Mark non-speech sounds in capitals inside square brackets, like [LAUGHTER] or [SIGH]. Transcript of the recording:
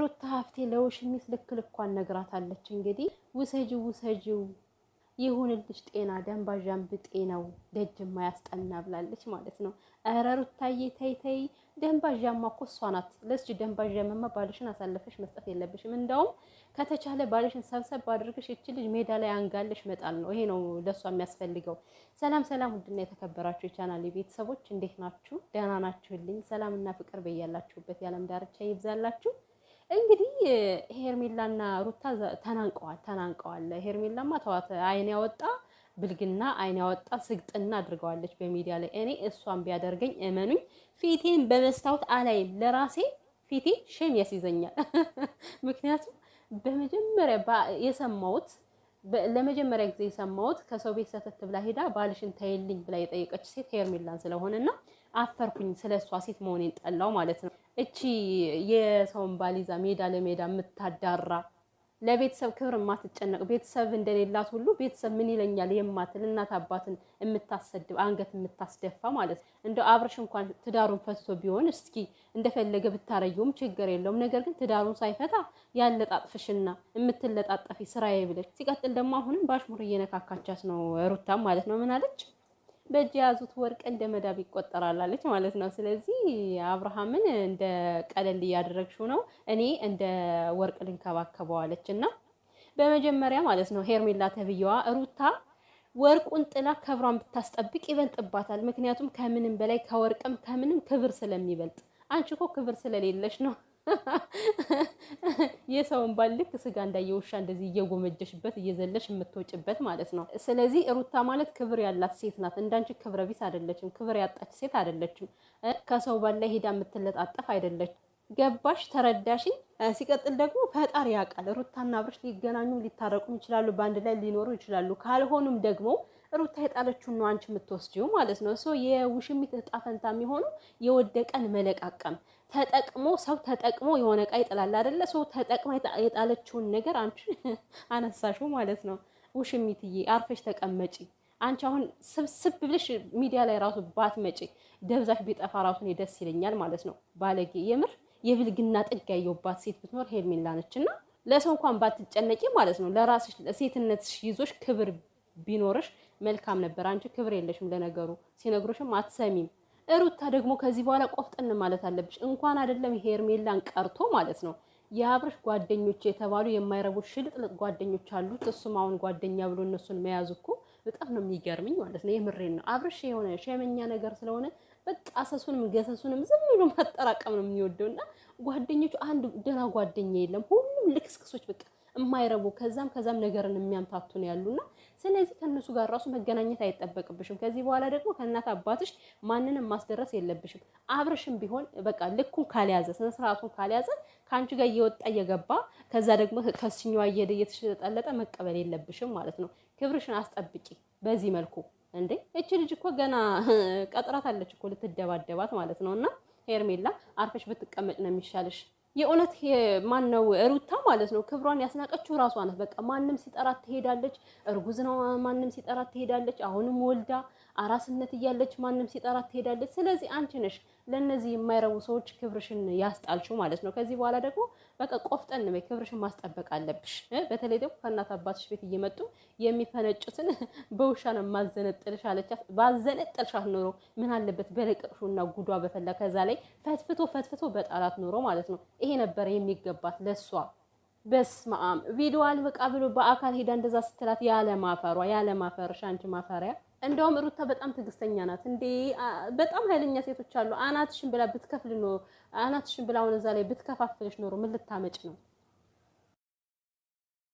ሩታ ሀፍቴ ለውሽሚት ልክ ልኳን ነግራታለች። እንግዲህ ውሰጂው ውሰጂው ይሁንልሽ ጤና ደንባዣን ብጤ ነው ደጅ ማያስጠና ብላለች ማለት ነው። ኧረ ሩታዬ ተይ ተይ፣ ደንባዣማ እኮ እሷ ናት። ለስች ደንባዣማ ባልሽን አሳልፈሽ መስጠት የለብሽም። እንደውም ከተቻለ ባልሽን ሰብሰብ አድርግሽ እች ልጅ ሜዳ ላይ አንጋለሽ መጣል ነው። ይሄ ነው ለእሷ የሚያስፈልገው። ሰላም ሰላም፣ ውድና የተከበራችሁ የቻናል ቤተሰቦች እንዴት ናችሁ? ደህና ናችሁልኝ? ሰላምና ፍቅር በያላችሁበት የዓለም ዳርቻ ይብዛላችሁ። እንግዲህ ሄርሜላና ሩታ ተናንቀዋል ተናንቀዋል። ሄርሜላማ ተዋት፣ አይን ያወጣ ብልግና፣ አይን ያወጣ ስግጥና አድርገዋለች በሚዲያ ላይ። እኔ እሷን ቢያደርገኝ እመኑኝ፣ ፊቴን በመስታወት አላይም። ለራሴ ፊቴ ሸም ያስይዘኛል። [LAUGHS] ምክንያቱም በመጀመሪያ የሰማሁት ለመጀመሪያ ጊዜ የሰማሁት ከሰው ቤት ሰተት ብላ ሄዳ ባልሽን ተይልኝ ብላ የጠየቀች ሴት ሄርሜላን ስለሆነና አፈርኩኝ። ስለ እሷ ሴት መሆኔን ጠላው ማለት ነው። እቺ የሰውን ባሊዛ ሜዳ ለሜዳ የምታዳራ ለቤተሰብ ክብር የማትጨነቅ ቤተሰብ እንደሌላት ሁሉ ቤተሰብ ምን ይለኛል የማትል እናት አባትን የምታሰድብ አንገት የምታስደፋ ማለት ነው። እንደ አብርሽ እንኳን ትዳሩን ፈትቶ ቢሆን እስኪ እንደፈለገ ብታረየውም ችግር የለውም። ነገር ግን ትዳሩን ሳይፈታ ያለጣጥፍሽና የምትለጣጠፊ ስራዬ ብለሽ ሲቀጥል ደግሞ አሁንም በአሽሙር እየነካካቻት ነው ሩታ ማለት ነው። ምን አለች? በእጅ የያዙት ወርቅ እንደ መዳብ ይቆጠራላለች ማለት ነው። ስለዚህ አብርሃምን እንደ ቀለል እያደረግሽው ነው፣ እኔ እንደ ወርቅ ልንከባከበዋለች እና በመጀመሪያ ማለት ነው ሄርሜላ ተብዬዋ ሩታ ወርቁን ጥላ ከብሯን ብታስጠብቅ ይበልጥባታል። ምክንያቱም ከምንም በላይ ከወርቅም ከምንም ክብር ስለሚበልጥ፣ አንቺ እኮ ክብር ስለሌለሽ ነው [LAUGHS] የሰውን ባል ልክ ስጋ እንዳየ ውሻ እንደዚህ እየጎመጀሽበት እየዘለሽ የምትወጭበት ማለት ነው። ስለዚህ ሩታ ማለት ክብር ያላት ሴት ናት። እንዳንቺ ክብረ ቢስ አይደለችም። ክብር ያጣች ሴት አይደለችም። ከሰው ባል ላይ ሄዳ የምትለጣጠፍ አይደለችም። ገባሽ ተረዳሽኝ። ሲቀጥል ደግሞ ፈጣሪ ያውቃል። ሩታና አብርሽ ሊገናኙ ሊታረቁም ይችላሉ፣ በአንድ ላይ ሊኖሩ ይችላሉ። ካልሆኑም ደግሞ ሩታ የጣለችውን ነው አንቺ የምትወስጂው ማለት ነው። ሰው የውሽሚት እጣ ፈንታ የሚሆኑ የወደቀን መለቃቀም ተጠቅሞ ሰው ተጠቅሞ የሆነ ዕቃ ይጥላል አይደለ? ሰው ተጠቅማ የጣለችውን ነገር አንቺ [LAUGHS] አነሳሽው ማለት ነው። ውሽሚትዬ አርፈሽ ተቀመጪ። አንቺ አሁን ስብስብ ብለሽ ሚዲያ ላይ ራሱ ባትመጪ ደብዛሽ ቢጠፋ ራሱን ደስ ይለኛል ማለት ነው። ባለጌ የምር የብልግና ጥግ ያየውባት ሴት ብትኖር ሄርሜላ ነች። እና ለሰው እንኳን ባትጨነቂ ማለት ነው ለራስሽ ለሴትነት ይዞሽ ክብር ቢኖርሽ መልካም ነበር። አንቺ ክብር የለሽም። ለነገሩ ሲነግሩሽም አትሰሚም። እሩታ ደግሞ ከዚህ በኋላ ቆፍጥን ማለት አለብሽ። እንኳን አይደለም ሄርሜላን ቀርቶ ማለት ነው የአብርሽ ጓደኞች የተባሉ የማይረቡ ሽልጥልጥ ጓደኞች አሉት። እሱም አሁን ጓደኛ ብሎ እነሱን መያዝ እኮ በጣም ነው የሚገርምኝ ማለት ነው። የምሬን ነው። አብርሽ የሆነ ሸመኛ ነገር ስለሆነ በቃ አሰሱንም ገሰሱንም ዝም ብሎ ማጠራቀም ነው የሚወደው እና ጓደኞቹ አንድ ደህና ጓደኛ የለም። ሁሉም ልክስክሶች በቃ የማይረቡ ከዛም ከዛም ነገርን የሚያምታቱ ነው ያሉና ስለዚህ ከእነሱ ጋር ራሱ መገናኘት አይጠበቅብሽም። ከዚህ በኋላ ደግሞ ከእናት አባትሽ ማንንም ማስደረስ የለብሽም። አብርሽም ቢሆን በቃ ልኩን ካልያዘ ስነ ካልያዘ ከአንቺ ጋር እየወጣ እየገባ ከዛ ደግሞ ከስኛዋ እየሄደ እየተሽለጠለጠ መቀበል የለብሽም ማለት ነው። ክብርሽን አስጠብቂ በዚህ መልኩ እንዴ እቺ ልጅ እኮ ገና [LAUGHS] ቀጥራት አለች እኮ ልትደባደባት ማለት ነው። እና ሄርሜላ አርፈሽ ብትቀመጭ ነው የሚሻልሽ። የእውነት ማን ነው ሩታ ማለት ነው። ክብሯን ያስናቀችው ራሷ ናት። በቃ ማንም ሲጠራት ትሄዳለች። እርጉዝ ነው፣ ማንም ሲጠራት ትሄዳለች። አሁንም ወልዳ አራስነት እያለች ማንም ሲጠራት ትሄዳለች። ስለዚህ አንቺ ነሽ ለእነዚህ የማይረቡ ሰዎች ክብርሽን ያስጣልሽው ማለት ነው። ከዚህ በኋላ ደግሞ በቃ ቆፍ ቆፍጠን በይ፣ ክብርሽን ማስጠበቅ አለብሽ። በተለይ ደግሞ ከእናት አባትሽ ቤት እየመጡ የሚፈነጩትን [LAUGHS] በውሻ ነው ማዘነጥልሽ አለቻት። ባዘነጥልሻት ኖሮ ምን አለበት በለቀቅሹና ጉዷ በፈላ ከዛ ላይ ፈትፍቶ ፈትፍቶ በጣላት ኖሮ ማለት ነው። ይሄ ነበረ የሚገባት ለእሷ። በስመ አብ ቪዲዮ አልበቃ ብሎ በአካል ሄዳ እንደዛ ስትላት ያለማፈሯ ያለማፈርሽ አንቺ ማፈሪያ እንደውም ሩታ በጣም ትዕግስተኛ ናት እንዴ! በጣም ኃይለኛ ሴቶች አሉ። አናትሽን ብላ ብትከፍል ኖሮ አናትሽን ብላ አሁን እዛ ላይ ብትከፋፍልሽ ኖሮ ምን ልታመጭ ነው?